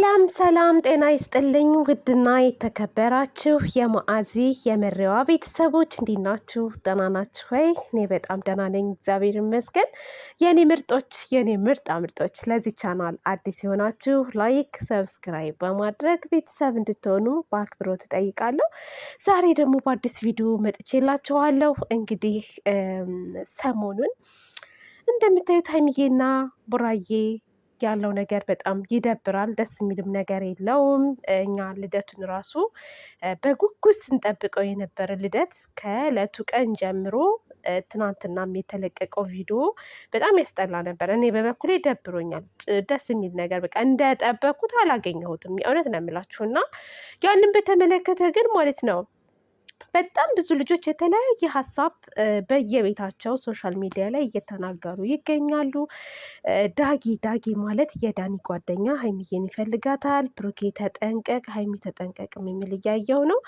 ሰላም ሰላም፣ ጤና ይስጥልኝ ውድና የተከበራችሁ የማአዚ የመሪዋ ቤተሰቦች እንዴት ናችሁ? ደህና ናችሁ ወይ? እኔ በጣም ደህና ነኝ፣ እግዚአብሔር ይመስገን። የኔ ምርጦች፣ የኔ ምርጣ ምርጦች፣ ለዚህ ቻናል አዲስ የሆናችሁ ላይክ፣ ሰብስክራይብ በማድረግ ቤተሰብ እንድትሆኑ በአክብሮት እጠይቃለሁ። ዛሬ ደግሞ በአዲስ ቪዲዮ መጥቼላችኋለሁ። እንግዲህ ሰሞኑን እንደምታዩት ሀይሚዬና ቡራዬ ያለው ነገር በጣም ይደብራል። ደስ የሚልም ነገር የለውም። እኛ ልደቱን ራሱ በጉጉት ስንጠብቀው የነበረ ልደት ከእለቱ ቀን ጀምሮ ትናንትናም የተለቀቀው ቪዲዮ በጣም ያስጠላ ነበር። እኔ በበኩሌ ደብሮኛል። ደስ የሚል ነገር በቃ እንደጠበኩት አላገኘሁትም። የእውነት ነው የምላችሁ እና ያንን በተመለከተ ግን ማለት ነው በጣም ብዙ ልጆች የተለያየ ሀሳብ በየቤታቸው ሶሻል ሚዲያ ላይ እየተናገሩ ይገኛሉ። ዳጊ ዳጊ ማለት የዳኒ ጓደኛ ሀይሚዬን ይፈልጋታል። ብሩኬ ተጠንቀቅ፣ ሀይሚ ተጠንቀቅም የሚል እያየው ነው።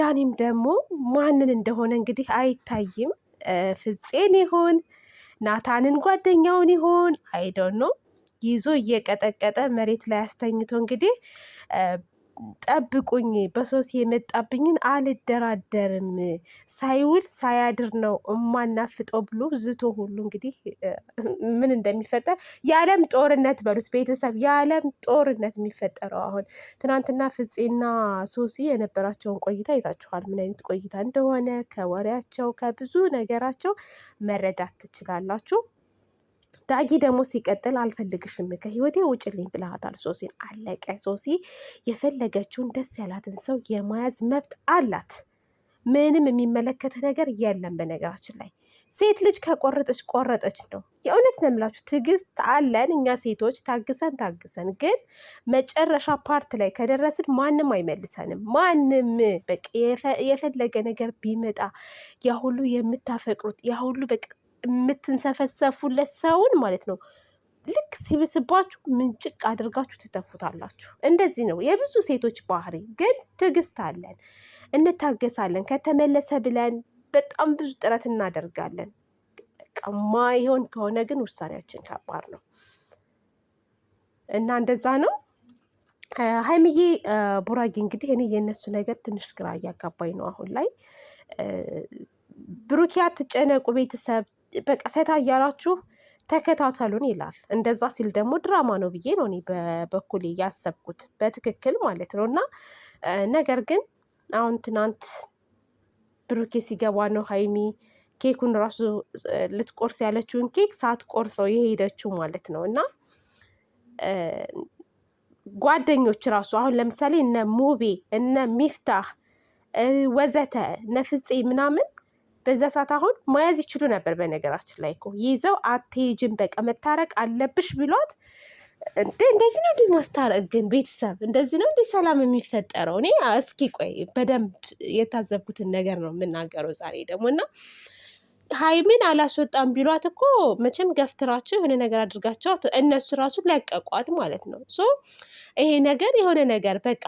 ዳኒም ደግሞ ማንን እንደሆነ እንግዲህ አይታይም። ፍፄን ይሆን ናታንን ጓደኛውን ይሆን አይዶን ነው ይዞ እየቀጠቀጠ መሬት ላይ አስተኝቶ እንግዲህ ጠብቁኝ በሶሲ የመጣብኝን አልደራደርም፣ ሳይውል ሳያድር ነው እማናፍጠው ብሎ ዝቶ ሁሉ እንግዲህ ምን እንደሚፈጠር የዓለም ጦርነት በሉት ቤተሰብ የዓለም ጦርነት የሚፈጠረው አሁን። ትናንትና ፍፄና ሶሲ የነበራቸውን ቆይታ አይታችኋል፣ ምን አይነት ቆይታ እንደሆነ ከወሬያቸው ከብዙ ነገራቸው መረዳት ትችላላችሁ። ዳጊ ደግሞ ሲቀጥል አልፈልግሽም ከህይወቴ ውጭልኝ ብለሃታል ሶሲን። አለቀ። ሶሲ የፈለገችውን ደስ ያላትን ሰው የመያዝ መብት አላት። ምንም የሚመለከተ ነገር የለም። በነገራችን ላይ ሴት ልጅ ከቆረጠች ቆረጠች ነው። የእውነት ነው የምላችሁ። ትዕግስት አለን እኛ ሴቶች ታግሰን ታግሰን፣ ግን መጨረሻ ፓርት ላይ ከደረስን ማንም አይመልሰንም። ማንም በቃ የፈለገ ነገር ቢመጣ ያ ሁሉ የምታፈቅሩት ያ ሁሉ በቃ የምትንሰፈሰፉለት ሰውን ማለት ነው ልክ ሲብስባችሁ ምንጭቅ አድርጋችሁ ትተፉታላችሁ። እንደዚህ ነው የብዙ ሴቶች ባህሪ። ግን ትዕግስት አለን፣ እንታገሳለን። ከተመለሰ ብለን በጣም ብዙ ጥረት እናደርጋለን። ቀማ ይሆን ከሆነ ግን ውሳኔያችን ከባድ ነው እና እንደዛ ነው። ሀይምዬ ቡራጌ እንግዲህ እኔ የእነሱ ነገር ትንሽ ግራ እያጋባኝ ነው አሁን ላይ። ብሩኪያ ትጨነቁ ቤተሰብ በቃ ፈታ እያላችሁ ተከታተሉን ይላል። እንደዛ ሲል ደግሞ ድራማ ነው ብዬ ነው እኔ በበኩሌ ያሰብኩት በትክክል ማለት ነው። እና ነገር ግን አሁን ትናንት ብሩኬ ሲገባ ነው ሀይሚ ኬኩን ራሱ ልትቆርስ ያለችውን ኬክ ቆርሰው የሄደችው ማለት ነው። እና ጓደኞች ራሱ አሁን ለምሳሌ እነ ሙቤ እነ ሚፍታህ ወዘተ ነፍጼ ምናምን በዛ ሰዓት አሁን መያዝ ይችሉ ነበር። በነገራችን ላይ እኮ ይዘው አትሄጂም፣ በቃ መታረቅ አለብሽ ብሏት እንደዚህ ነው እንዲ ማስታረቅ ግን ቤተሰብ እንደዚህ ነው እንዲህ ሰላም የሚፈጠረው? እኔ እስኪ ቆይ በደንብ የታዘብኩትን ነገር ነው የምናገረው ዛሬ ደግሞ እና ሀይሚን አላስወጣም ቢሏት እኮ መቼም ገፍትራቸው የሆነ ነገር አድርጋቸው እነሱ ራሱ ለቀቋት ማለት ነው። ሶ ይሄ ነገር የሆነ ነገር በቃ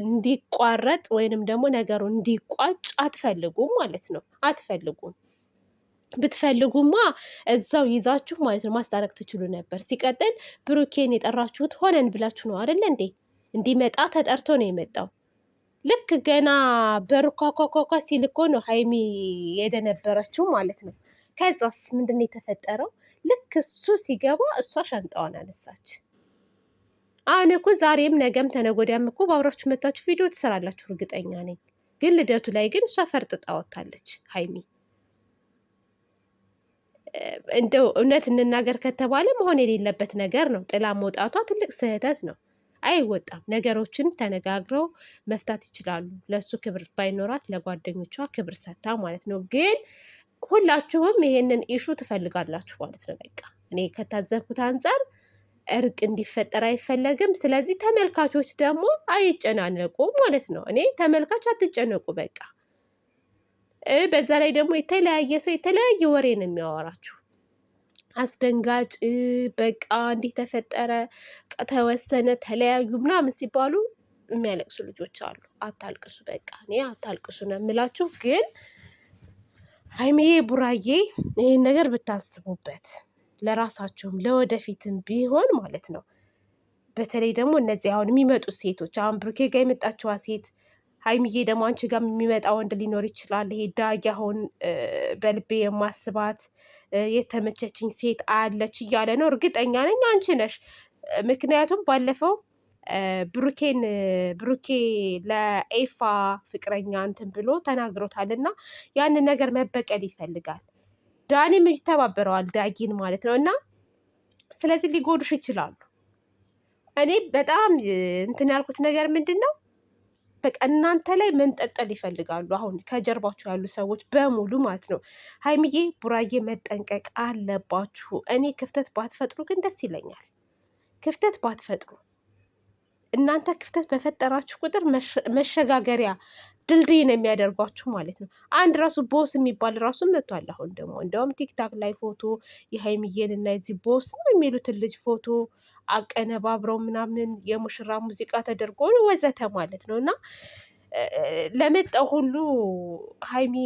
እንዲቋረጥ ወይንም ደግሞ ነገሩ እንዲቋጭ አትፈልጉም ማለት ነው። አትፈልጉም። ብትፈልጉማ እዛው ይዛችሁ ማለት ነው ማስታረቅ ትችሉ ነበር። ሲቀጥል ብሩኬን የጠራችሁት ሆነን ብላችሁ ነው አደለ እንዴ? እንዲመጣ ተጠርቶ ነው የመጣው። ልክ ገና በሩ ኳኳኳኳ ሲል እኮ ነው ሀይሚ የደነበረችው ማለት ነው። ከዛስ ምንድን ነው የተፈጠረው? ልክ እሱ ሲገባ እሷ ሻንጣዋን አነሳች። አሁን እኮ ዛሬም ነገም ተነጎዳም እኮ በአብራችሁ መታችሁ ቪዲዮ ትሰራላችሁ እርግጠኛ ነኝ። ግን ልደቱ ላይ ግን እሷ ፈርጥጣ ወታለች ሀይሚ። እንደው እውነት እንናገር ከተባለ መሆን የሌለበት ነገር ነው። ጥላ መውጣቷ ትልቅ ስህተት ነው። አይወጣም። ነገሮችን ተነጋግረው መፍታት ይችላሉ። ለእሱ ክብር ባይኖራት ለጓደኞቿ ክብር ሰታ ማለት ነው። ግን ሁላችሁም ይሄንን ኢሹ ትፈልጋላችሁ ማለት ነው። በቃ እኔ ከታዘብኩት አንጻር እርቅ እንዲፈጠር አይፈለግም። ስለዚህ ተመልካቾች ደግሞ አይጨናነቁ ማለት ነው። እኔ ተመልካች አትጨነቁ በቃ። በዛ ላይ ደግሞ የተለያየ ሰው የተለያየ ወሬ ነው የሚያወራችሁ። አስደንጋጭ በቃ እንዲህ ተፈጠረ፣ ተወሰነ፣ ተለያዩ ምናምን ሲባሉ የሚያለቅሱ ልጆች አሉ። አታልቅሱ፣ በቃ እኔ አታልቅሱ ነው የምላችሁ። ግን ሀይሚዬ፣ ቡራዬ ይህን ነገር ብታስቡበት ለራሳችሁም ለወደፊትም ቢሆን ማለት ነው። በተለይ ደግሞ እነዚህ አሁን የሚመጡት ሴቶች አሁን ብሩኬ ጋር የመጣችዋ ሴት ሀይሚዬ ደግሞ አንቺ ጋር የሚመጣ ወንድ ሊኖር ይችላል። ይሄ ዳጊ አሁን በልቤ የማስባት የተመቸችኝ ሴት አለች እያለ ነው። እርግጠኛ ነኝ አንቺ ነሽ። ምክንያቱም ባለፈው ብሩኬን ብሩኬ ለኤፋ ፍቅረኛ እንትን ብሎ ተናግሮታል እና ያንን ነገር መበቀል ይፈልጋል። ዳኒም ይተባበረዋል ዳጊን ማለት ነው እና ስለዚህ ሊጎዱሽ ይችላሉ። እኔ በጣም እንትን ያልኩት ነገር ምንድን ነው በቃ እናንተ ላይ መንጠልጠል ይፈልጋሉ። አሁን ከጀርባችሁ ያሉ ሰዎች በሙሉ ማለት ነው። ሀይሚዬ ቡራዬ መጠንቀቅ አለባችሁ። እኔ ክፍተት ባትፈጥሩ ግን ደስ ይለኛል። ክፍተት ባትፈጥሩ እናንተ ክፍተት በፈጠራችሁ ቁጥር መሸጋገሪያ ድልድይ ነው የሚያደርጓችሁ ማለት ነው። አንድ ራሱ ቦስ የሚባል ራሱ መቷል አሁን ደግሞ እንደውም ቲክታክ ላይ ፎቶ የሀይሚዬን እና የዚህ ቦስ ነው የሚሉትን ልጅ ፎቶ አቀነባብረው ምናምን የሙሽራ ሙዚቃ ተደርጎ ወዘተ ማለት ነው እና ለመጣው ሁሉ ሀይሚ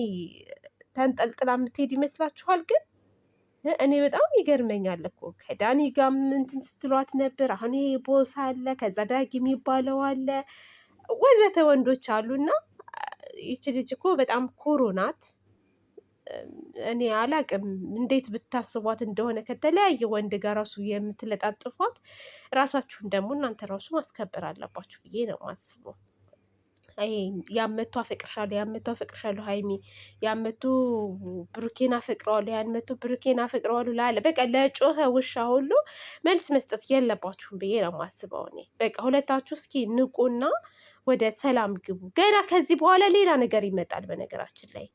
ተንጠልጥላ የምትሄድ ይመስላችኋል? ግን እኔ በጣም ይገርመኛል እኮ ከዳኒ ጋር ምንትን ስትሏት ነበር። አሁን ይሄ ቦስ አለ፣ ከዛ ዳግ የሚባለው አለ፣ ወዘተ ወንዶች እና ይቺ ልጅ እኮ በጣም ኩሩ ናት። እኔ አላቅም እንዴት ብታስቧት እንደሆነ ከተለያየ ወንድ ጋር ራሱ የምትለጣጥፏት፣ ራሳችሁን ደግሞ እናንተ ራሱ ማስከበር አለባችሁ ብዬ ነው ማስበው። ያመቱ አፈቅርሻለሁ፣ ያመቱ አፈቅርሻለሁ፣ ያመቱ አፈቅርሻለሁ፣ ሀይሚ ያመቱ ብሩኬን አፈቅረዋለሁ፣ ያመቱ ብሩኬን አፈቅረዋለሁ ላለ በቃ ለጮኸ ውሻ ሁሉ መልስ መስጠት የለባችሁም ብዬ ነው ማስበው። እኔ። በቃ ሁለታችሁ እስኪ ንቁና ወደ ሰላም ግቡ። ገና ከዚህ በኋላ ሌላ ነገር ይመጣል። በነገራችን ላይ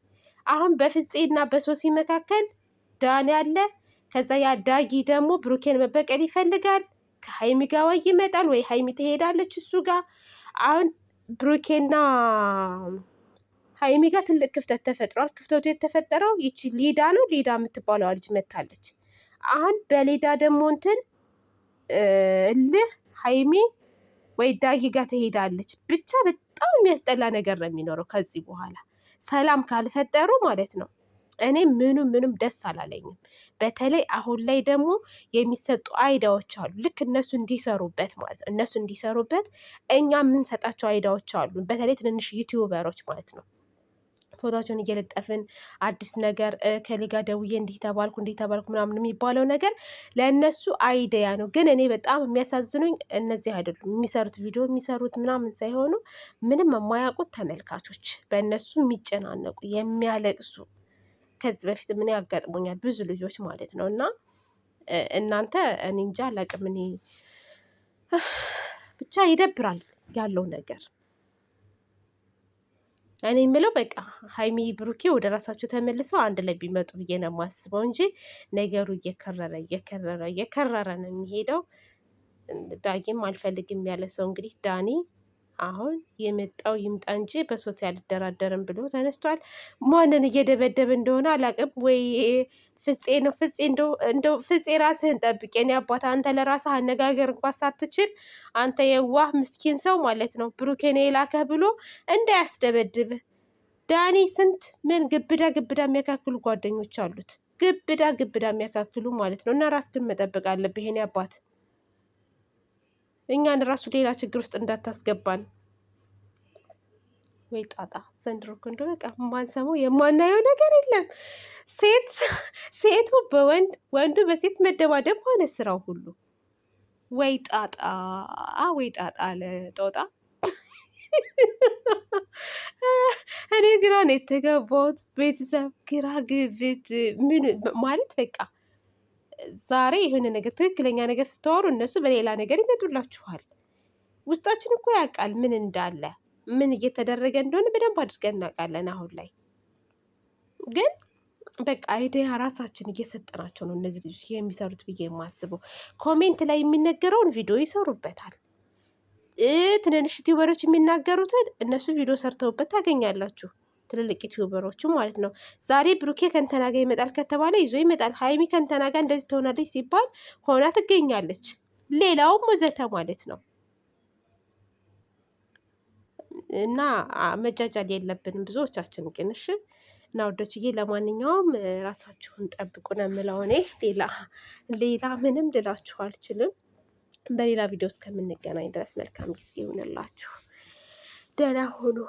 አሁን በፍፄ እና በሶሲ መካከል ዳን ያለ ከዛ ያ ዳጊ ደግሞ ብሩኬን መበቀል ይፈልጋል። ከሀይሚ ጋር ወይ ይመጣል ወይ ሀይሚ ትሄዳለች እሱ ጋር። አሁን ብሩኬና ሀይሚ ጋር ትልቅ ክፍተት ተፈጥሯል። ክፍተቱ የተፈጠረው ይቺ ሊዳ ነው። ሊዳ የምትባለዋ ልጅ መታለች። አሁን በሌዳ ደግሞ እንትን እልህ ወይ ዳጊ ጋር ትሄዳለች። ብቻ በጣም የሚያስጠላ ነገር ነው የሚኖረው ከዚህ በኋላ ሰላም ካልፈጠሩ ማለት ነው። እኔ ምኑም ምኑም ደስ አላለኝም። በተለይ አሁን ላይ ደግሞ የሚሰጡ አይዳዎች አሉ። ልክ እነሱ እንዲሰሩበት ማለት ነው እነሱ እንዲሰሩበት እኛ የምንሰጣቸው አይዳዎች አሉ። በተለይ ትንንሽ ዩቲዩበሮች ማለት ነው ፎቶቸውን እየለጠፍን አዲስ ነገር ከሌጋ ደውዬ እንዲህ ተባልኩ እንዲህ ተባልኩ ምናምን የሚባለው ነገር ለእነሱ አይዲያ ነው። ግን እኔ በጣም የሚያሳዝኑኝ እነዚህ አይደሉም። የሚሰሩት ቪዲዮ የሚሰሩት ምናምን ሳይሆኑ ምንም የማያውቁት ተመልካቾች በእነሱ የሚጨናነቁ የሚያለቅሱ ከዚህ በፊት ምን ያጋጥሞኛል ብዙ ልጆች ማለት ነው። እና እናንተ እኔ እንጃ አላቅም እኔ ብቻ ይደብራል ያለው ነገር። እኔ የምለው በቃ ሀይሚ ብሩኬ ወደ ራሳቸው ተመልሰው አንድ ላይ ቢመጡ ብዬ ነው የማስበው እንጂ ነገሩ እየከረረ እየከረረ እየከረረ ነው የሚሄደው። ዳጊም አልፈልግም ያለ ሰው እንግዲህ ዳኒ አሁን የመጣው ይምጣ እንጂ በሶት ያልደራደርም ብሎ ተነስቷል። ማንን እየደበደበ እንደሆነ አላቅም። ወይ ፍፄ ነው። ፍፄ እንደው ፍፄ ራስህን ጠብቅ የኔ አባት። አንተ ለራስህ አነጋገር እንኳ ሳትችል አንተ የዋህ ምስኪን ሰው ማለት ነው። ብሩኬን የላከህ ብሎ እንዳያስደበድብ? ዳኒ ስንት ምን ግብዳ ግብዳ የሚያካክሉ ጓደኞች አሉት። ግብዳ ግብዳ የሚያካክሉ ማለት ነው። እና ራስህን መጠበቅ አለብህ የኔ አባት። እኛን ራሱ ሌላ ችግር ውስጥ እንዳታስገባን። ወይ ጣጣ ዘንድሮ እኮ እንደው በቃ የማንሰማው የማናየው ነገር የለም። ሴት ሴቱ በወንድ ወንዱ በሴት መደባደብ ሆነ ስራው ሁሉ። ወይ ጣጣ ወይ ጣጣ ጦጣ። እኔ ግራ ነው የተገባሁት። ቤተሰብ ግራ ግብት ምን ማለት በቃ ዛሬ የሆነ ነገር ትክክለኛ ነገር ስታወሩ እነሱ በሌላ ነገር ይመጡላችኋል። ውስጣችን እኮ ያውቃል ምን እንዳለ ምን እየተደረገ እንደሆነ በደንብ አድርገን እናውቃለን። አሁን ላይ ግን በቃ አይዲያ ራሳችን እየሰጠናቸው ነው እነዚህ ልጆች የሚሰሩት ብዬ የማስበው። ኮሜንት ላይ የሚነገረውን ቪዲዮ ይሰሩበታል። ትንንሽ ዩቲዩበሮች የሚናገሩትን እነሱ ቪዲዮ ሰርተውበት ታገኛላችሁ። ትልልቅ ዩቲዩበሮቹ ማለት ነው። ዛሬ ብሩኬ ከንተናገ ጋር ይመጣል ከተባለ ይዞ ይመጣል። ሀይሚ ከንተናገ ጋር እንደዚህ ትሆናለች ሲባል ሆና ትገኛለች። ሌላውም ወዘተ ማለት ነው። እና መጃጃል የለብንም ብዙዎቻችን ግን እሺ እና ወዶችዬ ለማንኛውም ራሳችሁን ጠብቁ ነው የምለው እኔ ሌላ ሌላ ምንም ልላችሁ አልችልም በሌላ ቪዲዮ እስከምንገናኝ ድረስ መልካም ጊዜ ይሁንላችሁ ደህና ሁኑ